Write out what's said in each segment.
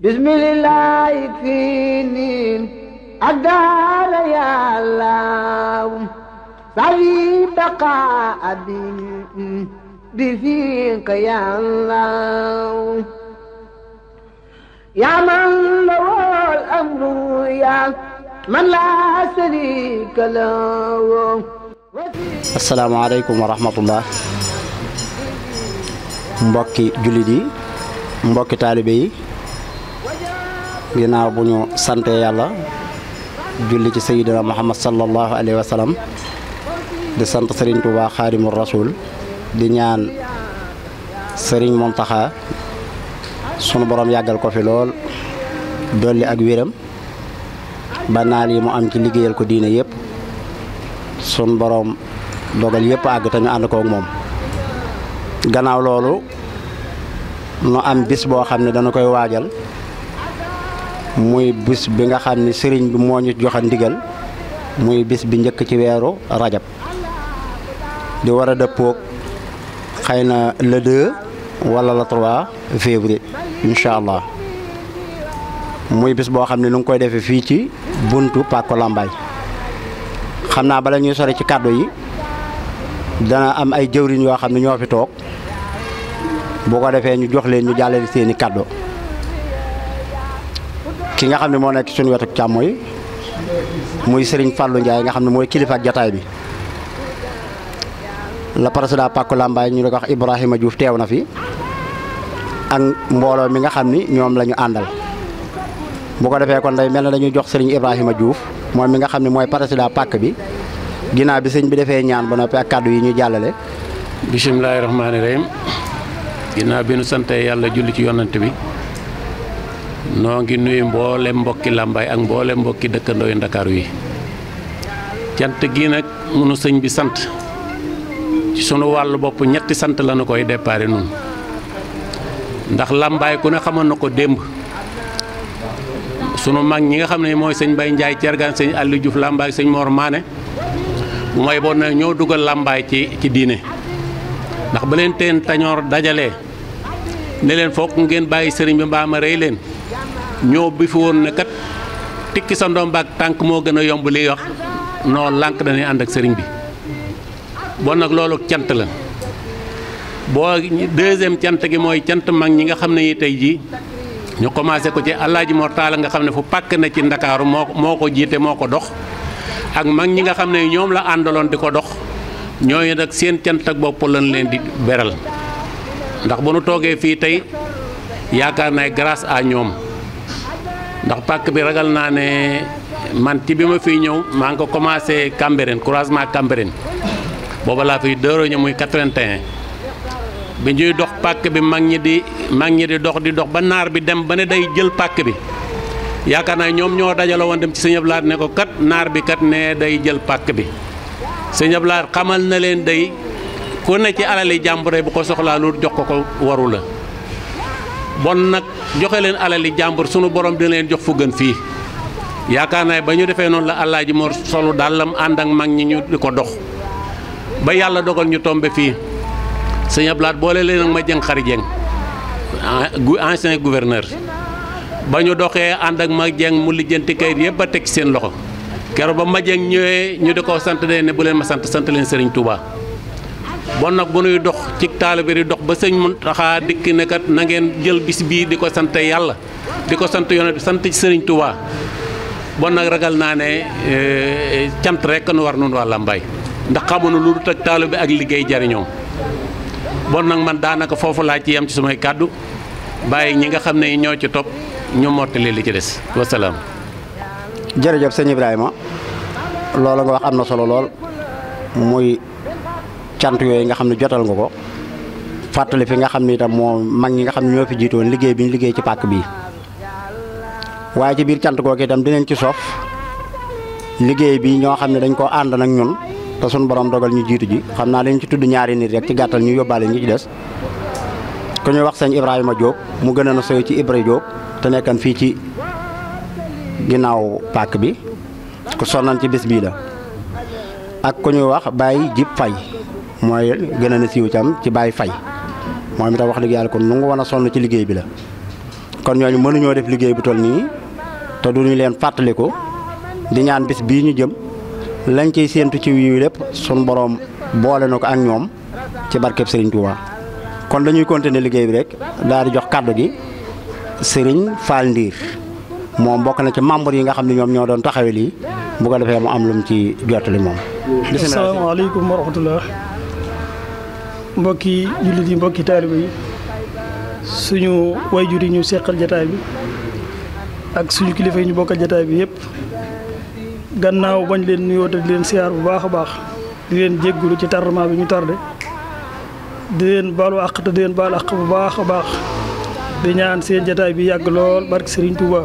bismillah fii niin ak daara yàllaaw sawi baqa abim bi fiika yàllaaw yaa man lawol amru yaa man laa sharika law asalaamaaleykum wa rahmatullah mbokki jullit yi mbokki taalibe yi ginnaaw bu ñu sante yàlla julli ci sayyidina muhammad sallallahu alayhi wa sallam di sant sëriñ Tuubaa xaadimu rasul di ñaan sëriñ Montaxa sunu boroom yàggal ko fi lool dolli ak wéram ba naal yi mu am ci liggéeyal ko diine yëpp sunu borom dogal yëpp àgg te ñu ànd koog moom gannaaw loolu nu am bis boo xam ne dana koy waajal muy bis bi nga xam ni sëriñ bi moo ñu joxe ndigal muy bis bi njëkk ci weeru rajab di war a dëppoog xëy na le 2 wala le 3 février incha allah muy bis boo xam ne nu ngi koy defee fii ci buntu Pàkku Lambaay xam naa bala ñuy sore ci kàddu yi dana am ay jëwriñ yoo xam ne ñoo fi toog boo ko defee ñu jox leen ñu jàllale seeni kàddu ki nga xam ne moo nekk suñu wetu càmmooy muy sëriñ Fallou Ndiaye nga xam ne mooy kilifa ak jotaay bi la président Paku Lambaay ñu di ko wax Ibrahima Diouf teew na fi ak mbooloo mi nga xam ni ñoom lañu àndal. bu ko defee kon day mel ne dañuy jox Serigne Ibrahima juuf moom mi nga xam ne mooy président Paku bi ginaaw bi sëñ bi defee ñaan ba noppi ak kàddu yi ñu jàllale. bisimilahi rahmaani rahim ginnaaw bi nu sante yàlla julli ci yonante bi. noo ngi nuyu mboolem mbokki làmbaay ak mboolem mbokki dëkkandoo yu ndakaaru yi cant gi nag munu sëñ bi sant ci sunu wàll bopp ñetti sant lañu koy déparé nun ndax làmbaay ku ne xamoon na ko démb sunu mag ñi nga xam ne mooy sëñ Bay Njaay cergaan sëñ àll Diouf làmbaay sëñ moor Maane bu may bon na ñoo dugal làmbaay ci ci diine ndax ba leen tañoor dajale ne leen foog ngeen bàyyi sëriñ bi mbaam a rey leen ñoo bi fi woon ne kat tikki sa ndombaak tànk moo gën a yomb liy wax noo lànk dañuy ànd ak sëriñ bi bon nag loolu cant la boo deuxième cant gi mooy cant mag ñi nga xam ne yi tey jii ñu commencé ko ci Alaaji Mor Talla nga xam ne fu pàkk na ci Ndakaaru moo moo ko jiite moo ko dox ak mag ñi nga xam ne ñoom la àndaloon di ko dox ñooñu nag seen cant ak bopp lañ leen di beral ndax bu nu toogee fii tey yaakaar naa grâce à ñoom ndax pàkk bi ragal naa ne man ci bi ma fiy ñëw maa ngi ko commencé Cambérène croisement Cambérène booba laa fiy dóoroo ñëw muy 81 bi ñuy dox pàkk bi mag ñi di mag ñi di dox di dox ba naar bi dem ba ne day jël pàkk bi yaakaar naa ñoom ñoo dajale woon dem ci sëñ Ablaat ne ko kat naar bi kat ne day jël pàkk bi sëñ Ablaat xamal na leen day ku ne ci alali jàmbure bu ko soxlaa lu jox ko ko warula bon nag joxe leen yi jàmbur sunu borom dina leen jox fu gën fii yaakaar naa ba ñu defee noonu la Alaaji Mor solu dàllam ànd ak mag ñi ñu di ko dox ba yàlla dogal ñu tombe fii sëñ boole leen ak ma jëng xari jëng ancien gouverneur ba ñu doxee ànd ak ma jëng mu lijjanti kayit yëpp ba teg seen loxo keroog ba ma jëng ñëwee ñu di ko sant ne bu leen ma sant sant leen Serigne Touba. bon nag bu nuy dox ci taalibe di dox ba sëñ Muntaxa dikk ne kat na ngeen jël bis bii di ko sant yàlla di ko sant yonent bi sant ci sëriñ Touba bon nag ragal naa ne eh, cant rek nu war nun waa Lambaye ndax xamuñu lu dul ak bi ak liggéey jariñoo bon nag man daanaka foofu laa ci yam ci sumay kàddu bàyyi ñi nga xam ne ñoo ci topp ñu mottali li ci des wasalaam. jërëjëf sëñ Ibrahima loolu nga wax am na solo lool cant yooyu nga xam ne jotal nga ko fàttali fi nga xam ne itam moo mag ñi nga xam ñoo fi jiitoon liggéey bi liggéey ci pàkk bii waaye ci biir cant googu itam dinañ ci sof liggéey bi ñoo xam ne dañ koo ànd nag ñun te suñu borom dogal ñu jiitu ji xam naa dañ ci tudd ñaari nit rek ci gàttal ñu yóbbaale ñu ci des ku ñu wax sëñ Ibrahima Diop mu gën a na sëy ci Ibra Diop te nekkan fii ci ginnaaw paak bi ku sonnan ci bis ak ku ñuy wax Baye Jib mooy gën a na siiw ci am ci Baye Faye moom itam wax dëgg yàlla kon nu nga woon a sonn ci liggéey bi la. kon ñooñu mënuñoo def liggéey bu toll nii te duñu leen fàttaliku di ñaan bis bii ñu jëm lañ ciy séentu ci wi lépp sunu boroom boole na ko ak ñoom ci barkeb Serigne Touba. kon dañuy continuer liggéey bi rek daal di jox kàddu gi sëriñ Fall Ndiir moom mbokk na ci membre yi nga xam ne ñoom ñoo doon taxawee lii bu ko defee mu am lu mu ci jottali moom. bisimilah mbokki jullit yi mbokki taaliba yi suñu wayjur yi ñu seqal jataay bi ak suñu kilifa yi ñu bokkal jataay bi yëpp gannaaw bañ leen nuyoo te di leen siyaar bu baax a baax di leen jéggulu ci tardement bi ñu tardé di leen baalu àq te di leen baalu àq bu baax a baax di ñaan seen jataay bi yàgg lool barke sëriñ Touba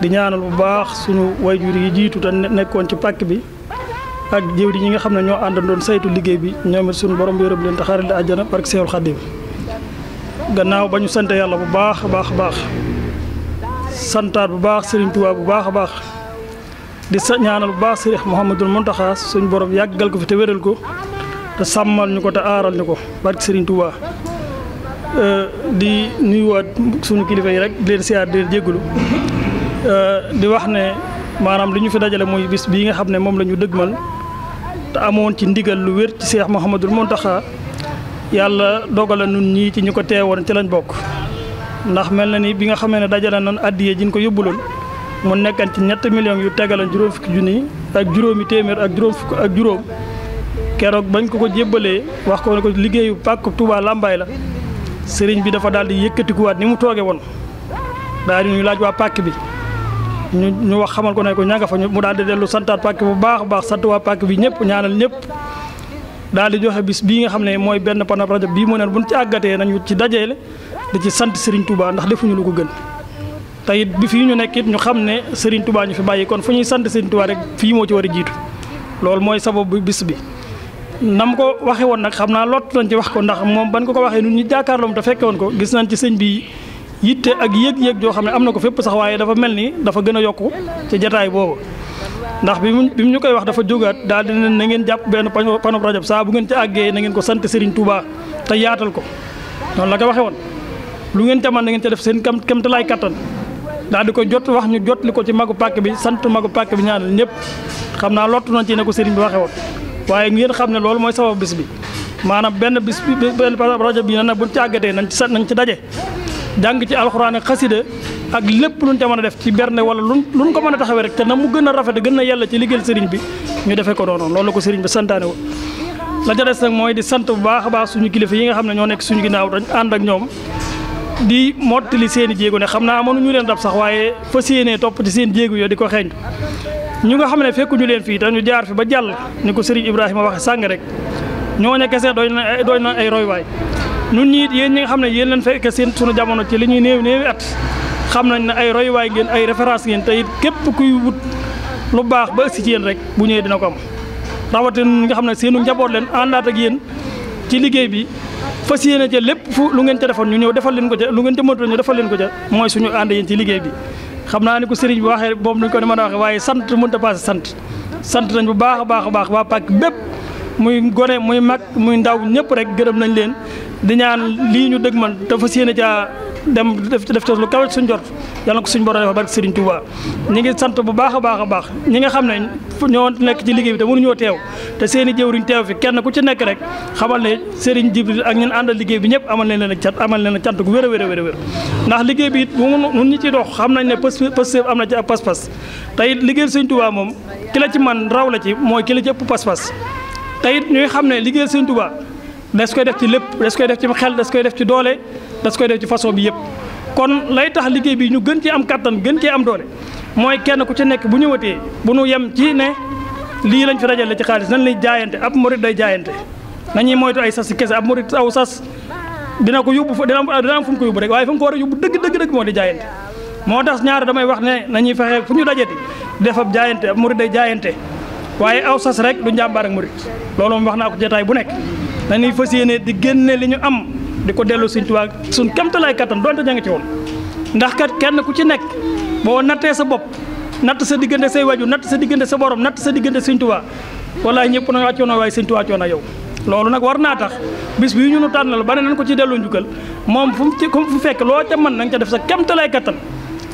di ñaanal bu baax suñu wayjur yi jiitu te nekkoon ci pàkk bi ak jiw yi ñi nga xam ne ñoo àndandoon saytu liggéey bi ñoom it suñu borom bi yërëm leen te xaaral di àjjana barke Seexul Xadiim gannaaw ba ñu sant yàlla bu baax a baax a baax santaat bu baax Serigne Touba bu baax a baax di sa ñaanal bu baax Serigne Mouhamadul Mountakha suñu borom yàggal ko fi te wéral ko te sàmmal ñu ko te aaral ñu ko barke Serigne euh, di nuyuwaat suñu kilifa yi rek di leen siyaar di leen jégalu euh, di wax ne maanaam li ñu fi dajale muy bis bii nga xam ne moom la ñu dëgmal te amoon ci ndigal lu wér ci Cheikh Mouhamadul Mountakha yàlla dogala nun ñii ci ñu ko teewoon ci lañ bokk ndax mel na ni bi nga xamee ne dajale nan addiye jiñ ko yóbbulul mu nekkan ci ñett millions yu tegalan juróom fukki ju junni ak juróomi téeméer ak juróom fukk ak juróom keroog bañ ko ko jébbalee wax ko ne ko liggéeyu pàkk Touba Lambaye la sëriñ bi dafa daal di yëkkatikuwaat ni mu tooge woon daal di ñu laaj waa pàkk bi ñu ñu wax xamal ko ne ko ña nga fa mu daal di dellu santaat pàkk bu baax baax sant waa pàkk bi ñëpp ñaanal ñëpp daal di joxe bis bii nga xam ne mooy benn panab rajab bii mu bu buñ ci àggatee nañu ci dajeele di ci sant sëriñ tubaa ndax defuñu lu ko gën te it bi fii ñu nekk it ñu xam ne Serigne tubaa ñu fi bàyyi kon fu ñuy sant Serigne Touba rek fii moo ci war a jiitu loolu mooy sababu bis bi. nam ko waxee woon nag xam naa lot nañ ci wax ko ndax moom ban ko ko waxee ñun ñu jàkkaarloo te fekke ko gis nañ ci bi. yitte ak yéeg yéeg joo xam ne am na ko fépp sax waaye dafa mel ni dafa gën a yokku ci jataay boobu ndax bi mu ñu koy wax dafa jógaat daal di na ngeen jàpp benn panob rajab saa bu ngeen ci àggee na ko sant Serigne Touba te yaatal ko noonu la ko waxee woon lu ngeen ca man na ngeen ca def seen kam kam te laay kattan daal di ko jot wax ñu jot li ko ci magu pakke bi sant magu pakke bi ñaanal ñëpp xam naa lottu nañ ci ne ko Serigne bi waxee woon waaye ngeen xam ne loolu mooy sabab bis bi maanaam benn bis bi benn rajab bi na buñ ci àggatee nañ ci sant nañ ci daje jàng ci alxuraan ak xasida ak lépp luñ te mën a def ci berne wala lu lu luñ ko mën a taxawee rek te na mu gën a rafet gën a yàlla ci liggéeyal sëriñ bi ñu defee ko noonu lool la ko sëriñ bi santaane woon la ca des mooy di sant bu baax a baax suñu kilifa yi nga xam ne ñoo nekk suñu ginnaaw dañ ànd ak ñoom di mottali seen i jéego ne xam naa mënuñu leen dab sax waaye fas yéenee topp ci seen jéegu yoo di ko xeeñ ñu nga xam ne fekkuñu leen fii dañu jaar fi ba jàll ni ko sëriñ Ibrahima waxe sàng rek ñooñu kese doy na doy na ay roywaay nun ñiit yéen ñi nga xam ne yéen lañ fekk seen sunu jamono ci li ñuy néew néewi at xam nañ ne ay royuwaay ngeen ay référence ngeen te it képp kuy wut lu baax ba ëgsi ci yéen rek bu ñëwee dina ko am rawatina nun nga xam ne seenu njaboot leen àndaat ak yéen ci liggéey bi fas yéene ca lépp fu lu ngeen ca ñu ñëw defal leen ko ca lu ngeen ca ñu defal leen ko ca mooy suñu ànd yéen ci liggéey bi xam naa ni ko sëriñ bi waxee moom duñ ko ni mën a waxee waaye sant mënut a sant sant nañ bu baax a baax a baax waa pàkk bépp muy gone muy mag muy ndaw ñëpp rek gërëm nañ leen di ñaan lii ñu dëgg man dafa séen jaa dem def def lu kawet suñ jot yàlla ko suñ borom dafa barke Serigne Touba ñi ngi sant bu baax a baax a baax ñi nga xam ne ñoo nekk ci liggéey bi te mënuñoo teew te seen i jëwriñ teew fi kenn ku ci nekk rek xamal ne Serigne Jibril ak ñun àndal liggéey bi ñëpp amal nañ leen a cat amal leen cant gu wér a wér a wér a wér ndax liggéey bi it mun ñu ciy dox xam nañ ne pas-pas am na ci ab pas-pas te it liggéey Serigne Touba moom ki la ci man raw la ci mooy ki la ci pas-pas te it ñuy xam ne liggéey Serigne Touba des koy def ci lépp des koy def ci xel des koy def ci doole des koy def ci façon bi yëpp kon lay tax liggéey bi ñu gën ci am kàttan gën cee am doole mooy kenn ku ci nekk bu ñëwatee bu nu yem ci ne lii lañ fi dajale ci xaalis nan lay jaayante ab murit day jaayante nañuy moytu ay sas si kese ab murit aw sas dina ko yóbbu fa dina am fu mu ko yóbbu rek waaye fu mu ko war dëgg dëgg moo di jaayante moo tax ñaar damay wax ne nañuy fexe fu ñu dajati def ab jaayante ab murit day jaayante waaye aw sas rek du njàmbaar ak murit loolu wax naa ko jotaay bu nekk dañuy fas yéene di génne li ñu am di ko dellu Sëñ Tuubaa suñ kemtalaay kattan donte ña ngi ci woon ndax kat kenn ku ci nekk boo nattee sa bopp natt sa diggante say waju natt sa diggante sa borom natt sa diggante Sëñ Tuubaa walaay ñëpp na wàccoon waaye Sëñ Tuubaa coono yow loolu nag war naa tax bis bii ñu nu tànnal ba ne nañ ko ci delloo njukkal moom fu mu ci fu fekk loo ca mën na nga ca def sa kemtalaay kattan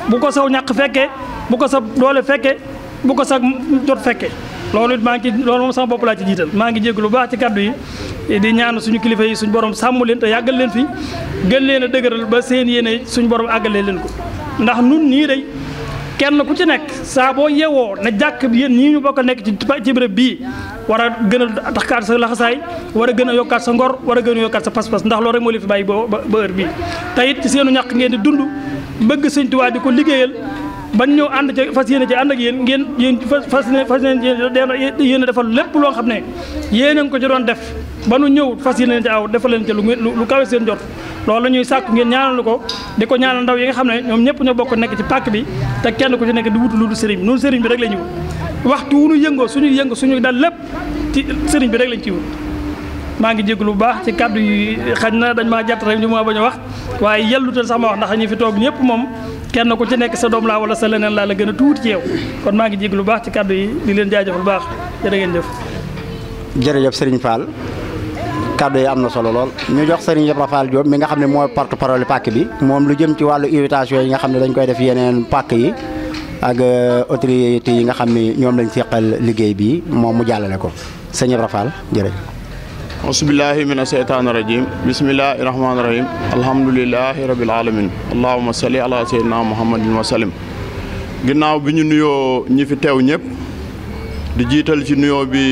bu ko saw ñàq fekkee bu ko sa doole fekkee bu ko sa jot fekkee loolu it maa ngi ci loolu moom sama bopp laa ci jiital maa ngi jégg lu baax ci kàddu di ñaan suñu kilifa yi suñu borom sàmm leen te yàggal leen fi gën leen a dëgëral ba seen yéene suñu borom àggalee leen ko ndax nun nii day kenn ku ci nekk saaboo boo yewoo na jàkk bi yéen ñii ñu bokk nekk ci béréb bii war a gën a taxkaat sa laxasaay war a gën a yokkaat sa ngor war a gën a yokkaat sa pas-pas ndax loolu rek leen fi bàyyi ba ba heure bii te it ci seenu ñàkk ngeen di dund bëgg sëñ Tuubaa di ko liggéeyal bañ ñëw ànd ca fas yéene ci ànd ak yéen ngeen yéen fas fas fas yéen a defal lépp loo xam ne yéen ko ci doon def ba nu ñëw fas yéene ci aw defal leen ca lu lu kawe seen jot loolu la ñuy sàkku ngeen ñaanal ko di ko ñaanal ndaw yi nga xam ne ñoom ñëpp ñoo bokk nekk ci pàkk bi te kenn ku ci nekk di wutu lu dul sëriñ bi noonu sëriñ bi rek la ñu wut waxtu wu ñu yëngoo suñu yëngu suñu dal lépp ci sëriñ bi rek lañ ci wut maa ngi jéglu lu baax ci kàddu yi xaj na dañ maa jàtt rek ñu ma bañ a wax waaye yellutal sax ma wax ndax ñi fi toog ñëpp moom kenn ku ci nekk sa doom laa wala sa leneen laa la gën a tuuti ci yow kon maa ngi jég lu baax ci kàddu yi di leen jaajëf lu baax jërë ngeen jëf. jërëjëf Serigne Fall yi am na solo lool ñu jox Serigne Ibra Fall Diop mi nga xam ne mooy porte parole pàkk bi moom lu jëm ci wàllu invitation yi nga xam ne dañ koy def yeneen pakk yi ak euh, autorités yi nga xam ne ñoom lañ seqal liggéey bi moom mu jàllale ko sëñ Ibra Fall asubillahi min asheytaan irajim bisimillahi rahmanirahim alhamdulilahi rabil alamin allahuma salli ala seydina muhammadin wa ginnaaw bi ñu nuyoo ñi fi teew ñëpp di jiital ci nuyoo bi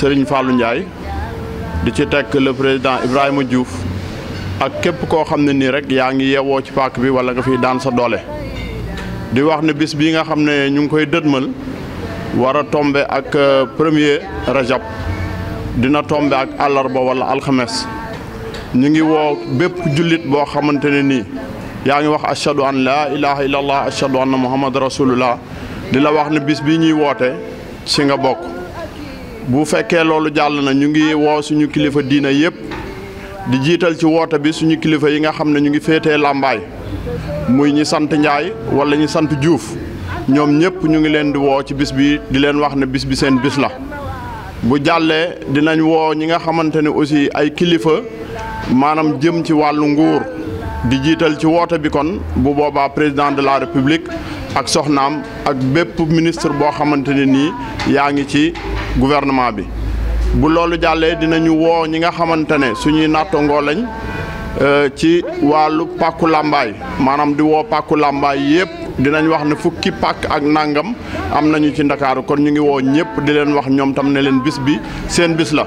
Serigne Fallou Ndiaye di ci tekk le président Ibrahima Diouf ak képp koo xam ne nii rek yaa ngi yeewoo ci pàkk bi wala nga fiy daan sa doole di wax ne bis bii nga xam ne ñu ngi koy dëdmal war a tombe ak euh, premier rajab dina tombe ak àllarba walla alxames ñu ngi woo bépp jullit boo xamante ne nii yaa ngi wax ashadu an laa ilaha illallah ashadu anna muhammad rasulullah di la wax ne bis bi ñuy woote ci nga bokk bu fekkee loolu jàll na ñu ngi woo suñu kilifa diina yépp di jiital ci woote bi suñu kilifa yi nga xam ne ñu ngi féetee làmbaay muy ñi sant njaay wala ñi sant juuf ñoom ñépp ñu ngi leen di woo ci bis bi di leen wax ne bis bi seen bis la bu jàllee dinañ woo ñi nga xamante ne aussi ay kilifa maanaam jëm ci wàllu nguur di jiital ci woote bi kon bu boobaa président de la république ak soxnaam ak bépp ministre boo xamante ne nii yaa ngi ci gouvernement bi. bu loolu jàllee dinañu woow ñi nga xamante ne suñuy nattangoo lañ euh, ci wàllu pàkku làmbaay maanaam di woo pàkku làmbaay yépp dinañ wax ne fukki pàkk ak nangam am nañu ci ndakaaru kon ñu ngi woo ñëpp di leen wax ñoom tam ne leen bis bi seen bis la.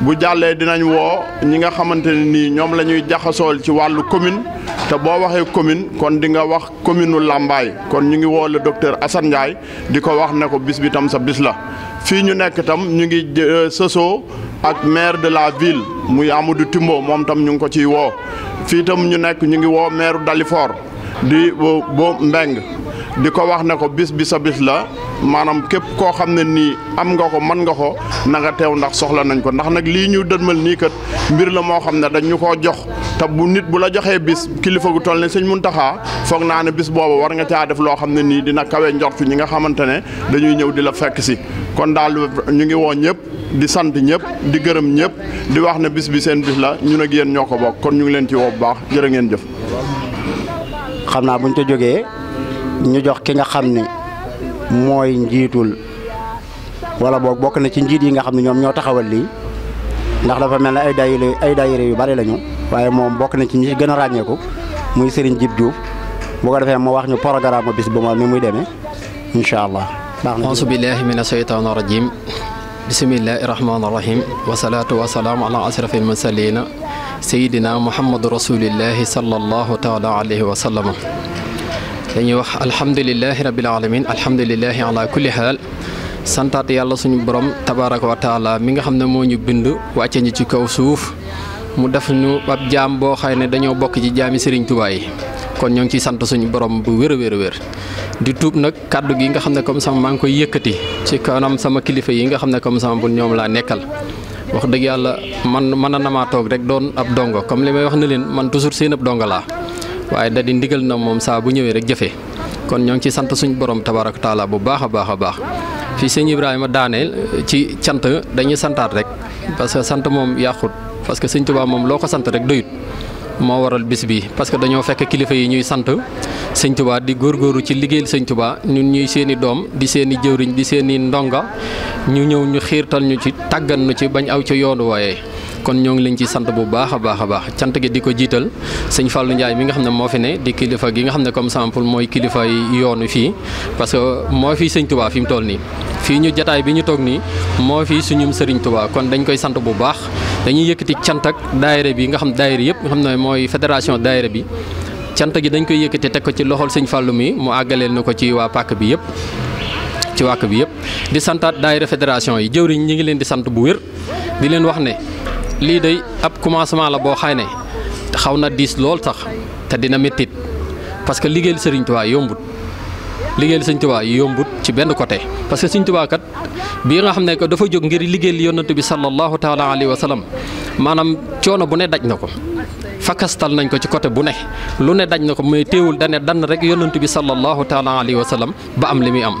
bu jàllee dinañu woo ñi nga xamante ne nii ñoom la ñuy jaxasool ci wàllu commune te boo waxee commune kon di nga wax commune u Lambaye kon ñu ngi woo le docteur Assane di ko wax ne ko bis bi tam sa bis la. fii ñu nekk tam ñu ngi euh, sësoo ak maire de la mu muy du Timbo moom tam ñu ngi ko ciy woo fii tam ñu nekk ñu ngi woo maire Dalifort di boo mbeng di ko wax ne ko bis bi sa bis la maanaam képp koo xam ne nii am nga ko mën nga ko na nga teew ndax soxla nañ ko ndax nag lii ñu dënmal nii kat mbir la moo xam ne dañu ñu koo jox te bu nit bu la joxee bis kilifa gu toll ne sëñ taxaa foog naa ne bis boobu war nga caa def loo xam ne nii dina kawe njortu ñi nga xamante ne dañuy ñëw di la fekk si kon daal ñu ngi woo ñëpp di sant ñëpp di gërëm ñëpp di wax ne bis bi seen bis la ñun ak yéen ñoo ko bokk kon ñu ngi leen ci woo bu baax jërë ngeen jëf xam naa buñ ca jógee ñu jox ki nga xam ne mooy njiitul wala boog bokk na ci njiit yi nga xam ne ñoom ñoo taxawal lii ndax dafa mel na ay daayira ay daayira yu bari lañu waaye moom bokk na ci ñu gën a ràññeeku muy Serigne Djib Diouf bu ko defee mu wax ñu programme bis bu ma ni muy demee incha allah. na auzu billahi mina shaytaani rajim bismillahi rahmaani rahim wasalaatu wasalaamu ala asrafil mursalina sayidina muhammadu rasulillahi sallallahu taala alayhi wa sallam dañuy wax alhamdulilahi rabil alamin alhamdulilahi ala kulli xaal santaat yàlla suñu borom tabaraka wa taala mi nga xam ne moo ñu bind wàcce ñi ci kaw suuf mu def ñu ab jaam boo xay ne dañoo bokk ci jaami Serigne Touba yi kon ñoo ngi ciy sant suñu borom bu wéra wéra wér di tuub nag kàddu gi nga xam ne comme sama maa ngi koy yëkkati ci kanam sama kilifa yi nga xam ne comme sama bu ñoom laa nekkal wax dëgg yàlla man mën na maa toog rek doon ab dongo comme li may wax na leen man toujours seen ab dongo laa waaye da di ndigal na moom saa bu ñëwee rek jëfee kon ñoo ngi ci sant suñu borom tabaaraka taala bu baax a baax a baax fi sëñ Ibrahima daaneel ci cant dañuy santaat rek parce que sant moom yàqut parce que sëñ Tuubaa moom loo ko sant rek doyut moo waral bis bi parce que dañoo fekk kilifa yi ñuy sant sëñ Tuubaa di góoru ci liggéeyal sëñ Tuubaa ñun ñuy seeni doom di seeni jëwriñ di seeni ndonga ñu ñëw ñu xiirtal ñu ci tàggan ñu ci bañ aw ci yoonu wooyee kon ñoo ngi leen ci sant bu baax a baax a baax cant gi di ko jiital sëñ Fallou Ndiaye mi nga xam ne moo fi ne di kilifa gi nga xam ne comme sample mooy kilifa yi fii parce que moo fi sëñ Touba fi mu toll nii fii ñu jataay bi ñu toog nii moo fi suñum sëriñ Touba kon dañ koy sant bu baax dañuy yëkkati cant ak daayira bi nga xam daayira yëpp nga xam ne mooy fédération daayira bi cant gi dañ koy yëkkati teg ko ci loxol sëñ Fallou mi mu àggaleel na ko ci waa pàkk bi yëpp ci wàkk bi yëpp di santaat daayira fédération yi jëwriñ ñi ngi leen di sant bu wér di leen wax ne lii day ab commencement la boo xay ne xaw na diis lool sax te dina méttit parce que liggéeyal Sëriñ Tuubaa yombut liggéeyal Sëriñ Tuubaa yombut ci benn côté parce que Sëriñ Tuubaa kat bii nga xam ne que dafa jóg ngir liggéeyal yonent bi sallallahu taala alayhi wa sallam maanaam coono bu ne daj na ko fakastal nañ ko ci côté bu ne lu ne daj na ko mais téewul dane dan rek yonent bi sallallahu taala alayhi wa sallam ba am li muy am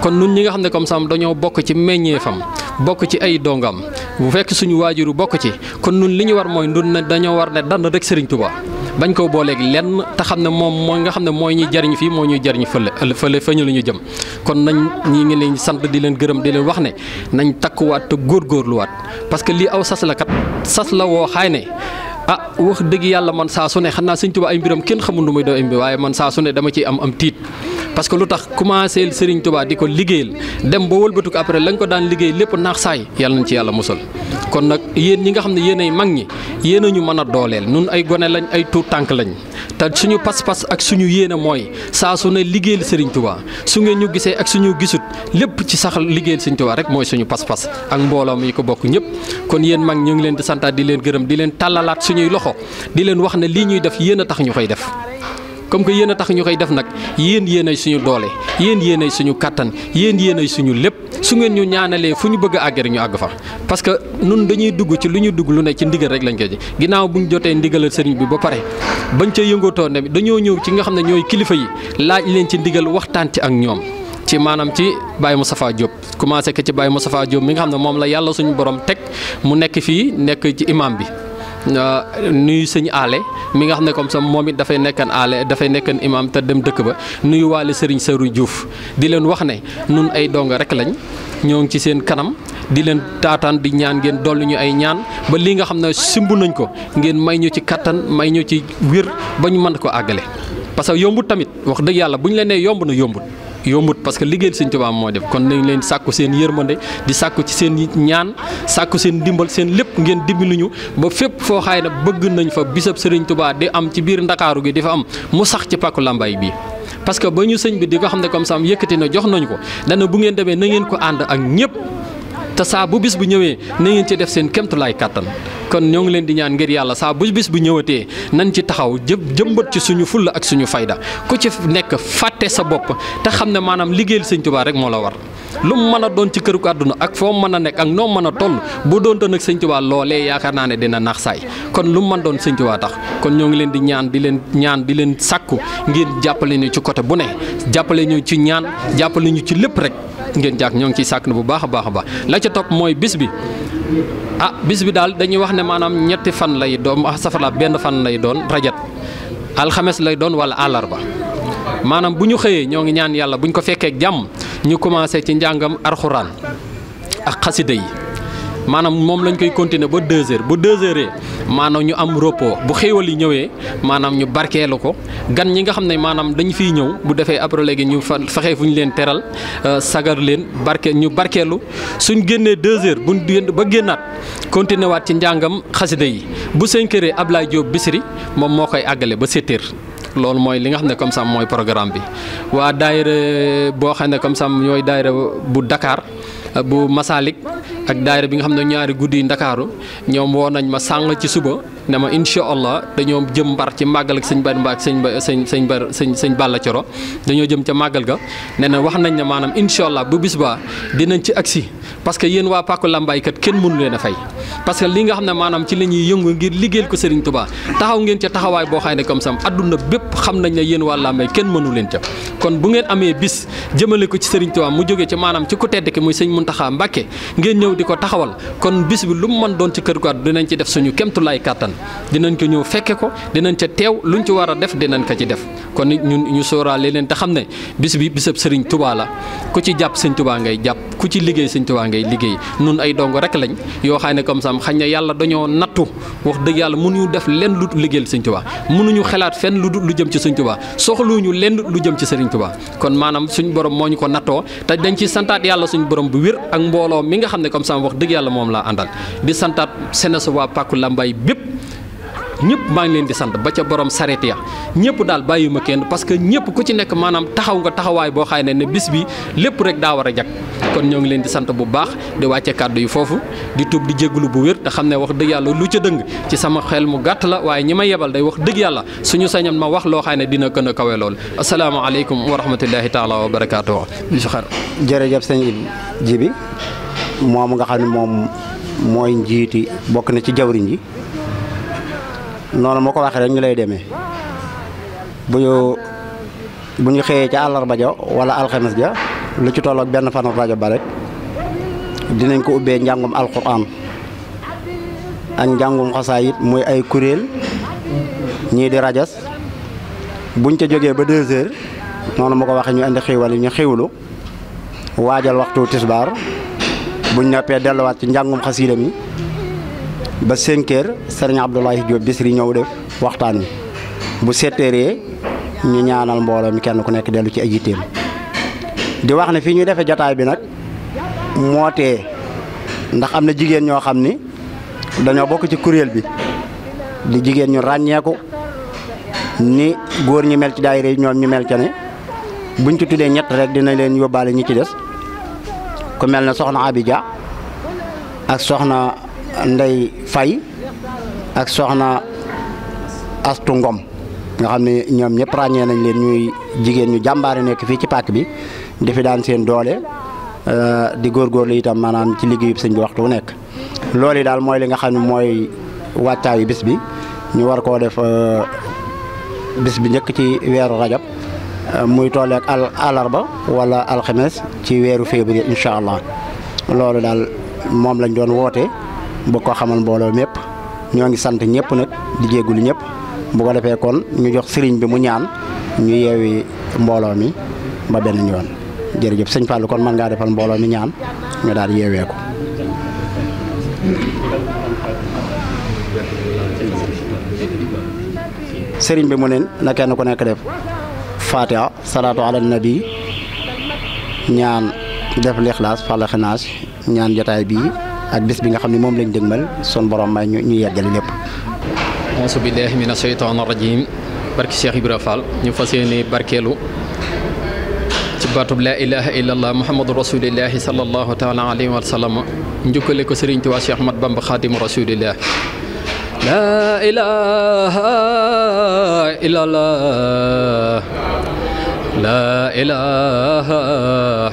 kon nun li nga xam ne comme am dañoo bokk ci meññeefam bokk ci ay dongam bu fekk suñu waajuru bokk ci kon nun li ñu war mooy nun na dañoo war ne dann rek Serigne Touba bañ koo booleeg lenn te xam ne moom mooy nga xam ne mooy ñuy jariñ fii moo ñuy jariñ fële fële fëñu la ñu jëm kon nañ ñi ngi leen sant di leen gërëm di leen wax ne nañ takkuwaat te góorgóorluwaat parce que lii aw sas la kat sas la woo xaay ne a ah wax dëgg yàlla man saa su ne xanaa Sëñ Tuubaa ay mbiram kenn xamul nu muy doo ay mbir waaye man saa su ne ciy am am parce que lu tax commencé Serigne Touba di ko liggéeyal dem ba wëlbatu ko après lañ ko daan liggéey lépp naax saay yàlla na ci yàlla musal kon nag yéen ñi nga xam ne yéen ay mag ñi yéen a ñu mën a dooleel nun ay gone lañ ay tuut tànk lañ te suñu pas-pas ak suñu yéene mooy saa su ne liggéeyal Serigne Touba su ngeen ñu gisee ak suñu gisut lépp ci sax liggéeyal Serigne Touba rek mooy suñu pas-pas ak mbooloo mi ko bokk ñëpp kon yéen mag ñu ngi leen di santaat di leen gërëm di leen tàllalaat suñuy loxo di leen wax ne lii ñuy def yéen a tax ñu koy def comme que yéen a tax ñu koy def nag yéen yéenay suñu doole yéen yéenay suñu kattan yéen yéenay suñu lépp su ngeen ñu ñaanalee fu ñu bëgg a ñu àgg fa. parce que nun dañuy dugg ci lu ñu dugg lu ne ci ndigal rek lañu koy ji ginnaaw bu ñu jotee ndigalal sëriñ bi ba pare bañ ca yëngatoo ne dañoo ñëw ci nga xam ne ñooy kilifa yi laaj leen ci ndigal waxtaan ci ak ñoom. ci maanaam ci Baye Moustapha Diop commencé ko ci Baye Moustapha Diop mi nga xam ne moom la yàlla suñu borom teg mu nekk fii nekk ci imam bi nuyu sëñ aale mi nga xam ne comme ça moom it dafay nekkan aale dafay nekkan imam te dem dëkk ba nuyu waale sëriñ Sëru Diouf di leen wax ne nun ay donga rek lañ ñoo ngi ci seen kanam di leen taataan di ñaan ngeen dolli ñu ay ñaan ba lii nga xam ne simb nañ ko ngeen may ñu ci kattan may ñu ci wér ba ñu mën ko àggale parce que yombut tamit wax dëgg yàlla bu ñu leen yomb na yombut yombut parce que liggéeyal sëñ Tuubaa moo def kon nañ leen sàkku seen yërmande di sàkku ci seen ñaan sàkku seen dimbal seen lépp ngeen dimbali ñu ba fépp foo xaay na bëgg nañ fa bisab sëriñ Tuubaa di am ci biir ndakaaru gi di fa am mu sax ci pàkku làmbaay bi parce que ba ñu sëñ bi di ko xam ne comme ça yëkkati na jox nañ ko dana bu ngeen demee na ngeen ko ànd ak ñëpp te saa bu bis bu ñëwee na ngeen ci def seen kéemtulaay kàttan kon ñoo ngi leen di ñaan ngir yàlla saa bu bis bu ñëwatee nañ ci taxaw jë jëmbat ci suñu fulla ak suñu fayda ku ci nekk fàtte sa bopp te xam ne maanaam liggéeyal sëñ rek moo la war lu mu mën a doon ci këru àdduna ak foo mën a nekk ak noo mën a toll bu doon nag sëñ Tuubaa loolee yaakaar naa ne dina nax saay kon lu mu mën doon sëñ tax kon ñoo ngi leen di ñaan di leen ñaan di leen sàkku ngir jàppale ci côté bu ne jàppale ñu ci ñaan jàppale ñu ci lépp rek ngeen jàkk ñoo ngi ciy sàkk na bu baax baax a baax la ca topp mooy bis bi ah bis bi daal dañuy wax ne maanaam ñetti fan lay doon ah safara benn fan lay doon rajet alxames lay doon wala àllarba maanaam bu ñu xëyee ñoo ngi ñaan yàlla bu ñu ko fekkee jàmm ñu commencé ci njàngam arxuraan ak xasida yi maanaam moom lañ koy continuer ba deux heures bu deux heures maanaam ñu am repos bu xéewal yi ñëwee maanaam ñu barkeelu ko gan ñi nga xam ne maanaam dañu fiy ñëw bu defee après léegi ñu fa fexee fu ñu leen teral euh, sagar leen barke ñu barkeelu suñ génnee deux heures buñ ba génnaat continuer waat ci njàngam xasida yi bu cinq heures Ablaye Diop Bisiri moom moo koy àggale ba sept loolu mooy li nga xam ne comme ça mooy programme bi waa daayira boo xam ne comme ça ñooy daayira bu Dakar. bu Masalik ak daayira bi nga xam ne ñaari guddi yi Ndakaaru ñoom woo nañ ma sàng ci suba ne ma incha allah dañoo jëm mbar ci màggal ak sëñ Bari Mbaa ak sëñ ba sëñ sëñ Bari sëñ sëñ Balla Coro dañoo jëm ca màggal ga ne na wax nañ ne maanaam incha allah bu bis baa dinañ ci agsi parce que yéen waa Pàkku Lambaay kat kenn mënu leen a fay parce li nga xam ne maanaam ci la ñuy yëngu ngir liggéeyal ko Serigne tubaa taxaw ngeen ca taxawaay boo xam ne comme sam adduna bépp xam nañ ne yéen waa Lambaay kenn mënu leen ca kon bu ngeen amee bis jëmale ko ci Serigne Touba mu jóge ci maanaam ci ku tedd ki muy sëñ Muntaxa Mbàkke ngeen ñëw di ko taxawal kon bis bi lu mu mën doon ci kër Gouye dinañ ci def suñu kemtulaay kàttan dinañ ko ñëw fekke ko dinañ ca teew luñ ci war def dinañ ko ci def kon ñun ñu sóoraale leen te xam ne bis bi bisab Serigne Touba la ku ci jàpp sëñ Touba jàpp ku ci liggéey sëñ Touba liggéey nun ay dongo rek lañ yoo xam comme ça xañ na yàlla dañoo nattu wax dëgg yàlla mënuñu def lenn lu liggéeyal sëñ Touba mënuñu xalaat fenn lu lu jëm ci sëñ Touba soxluñu lenn lu jëm ci sëriñ Touba kon maanaam suñu borom moo ñu ko nattoo te dañ ci santaat yàlla suñu borom bu wér ak mbooloo mi nga xam ne comme ça wax dëgg yàlla moom laa àndal di santaat senes waa Pàkku Lambaay bépp ñëpp maa ngi leen di sant ba ca borom sareet ya ñëpp daal bàyyi ma kenn parce que ñëpp ku ci nekk maanaam taxaw nga taxawaay boo xaay ne ne bis bi lépp rek daa war a jag kon ñoo ngi leen di sant bu baax di wàcce kàddu yi foofu di tuub di jégalu bu wér te xam ne wax dëgg yàlla lu ca dëng ci sama xel mu gàtt la waaye ñi ma yebal day wax dëgg yàlla suñu sañoon ma wax loo xaay ne dina gën a kawe lool asalaamaaleykum wa rahmatullahi taala wa barakaatu. jërëjëf sëñ Jibi moom nga xam ne moom mooy njiiti bokk na ci jawriñ ji noonu moo ko waxee rek ñu lay demee bu ñu bu ñu xëyee ca àllarba ja wala alxemes ja lu ci tollook benn fanu rajo ba rek dinañ ko ubbee njàngum alquran ak njàngum xasaayit muy ay kuréel ñii di rajas buñ ca jógee ba deux heures noonu ma ko waxee ñu indi xiiwal yi ñu xiiwlu waajal waxtu tisbaar buñ noppee delluwaat ci njàngum xasiida mi ba 5 heures sëriñ Abdoulaye Diop Bichri ñëw def waxtaan wi bu 7 heures ñu ñaanal mbooloo mi kenn ku nekk dellu ci ay yitteem di wax ne fii ñuy defe jataay bi nag moo tee ndax am na jigéen ñoo xam ni dañoo bokk ci kuréel bi di jigéen ñu ràññeeku ni góor ñi mel ci daayira yi ñoom ñu mel ca ne buñ ci tuddee ñett rek dina leen yóbbaale ñi ci des ku mel ne soxna Abidja ak soxna Ndey Faye ak soxna Astu Ngom nga xam ne ñoom ñëpp ràññee nañ leen ñuy jigéen ñu jàmbaare nekk fii ci pàkk bi defi fi daan seen doole euh, di góor góor li itam maanaam ci liggéeyub sëñ bi waxtu nekk. loolu daal mooy li nga xam ne mooy wàccaayu bis bi ñu war koo def euh, bis bi njëkk ci weeru rajab euh, muy toll ak al wala alxames ci weeru février incha allah loolu daal moom lañ doon woote. bëgg ko xamal mbooloo mépp ñoo ngi sant ñëpp nag di jéggul ñëpp bu ko defee kon ñu jox sëriñ bi mu ñaan ñu yeewi mbooloo mi ba benn yoon jërëjëf sëñ mën ngaa defal mbooloo mi ñaan ñu daal yeewee ko. sëriñ bi mu ne na kenn ku nekk def fatiha salaatu ala nabi ñaan def lixlaas falaxinaas ñaan jotaay bii. ak bés bi nga xam ne moom lañ dëgmal son borom may ñu ñu yeggale lépp. auzu billaahi mina sheytaani rajiim barki Cheikh Ibra Fall ñu fas yéene barkeelu ci baatub laa ilaaha illallah muhammadu rasuulillaahi sallallahu taala alayhi wa sallam njukkale rasuulillah laa ilaaha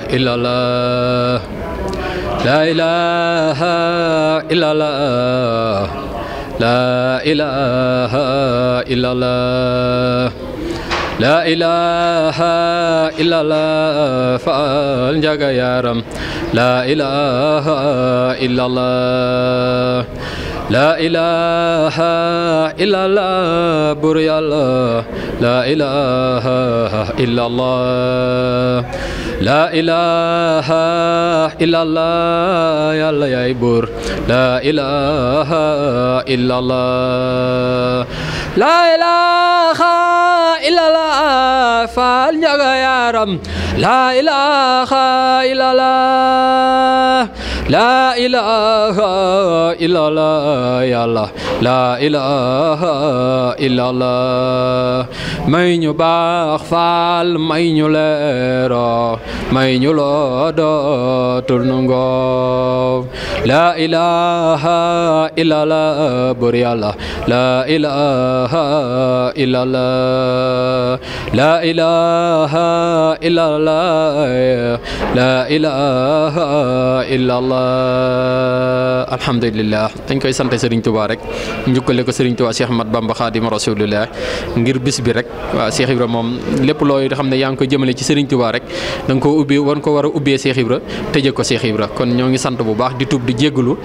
illallah لا إله إلا الله لا إله إلا الله لا إله إلا الله فعل جاك يا رم لا إله إلا الله la ilaha illallah bur la ilaha illallah la la ilaha illallah la ilaha illallah faal njaga la ilaha illallah لا إله إلا الله يا الله لا إله ñu baax faal may leero may ñu loo la ilaha illa la la ilaha illa la la ilaha la la ilaha alhamdulilah dañ koy sant Serigne Touba rek njukkale ko Serigne Touba Cheikh Ahmad Bamba Khadim Rasulullah ngir bis bi rek waaw Cheikh rek moom lépp looy xam ne yaa ngi koy jëmale ci Serigne Touba rek da ko koo ubbi war ko war a ubbee Cheikh rek tëjee ko Cheikh Ibra kon ñoo ngi sant bu baax di tub di jégalu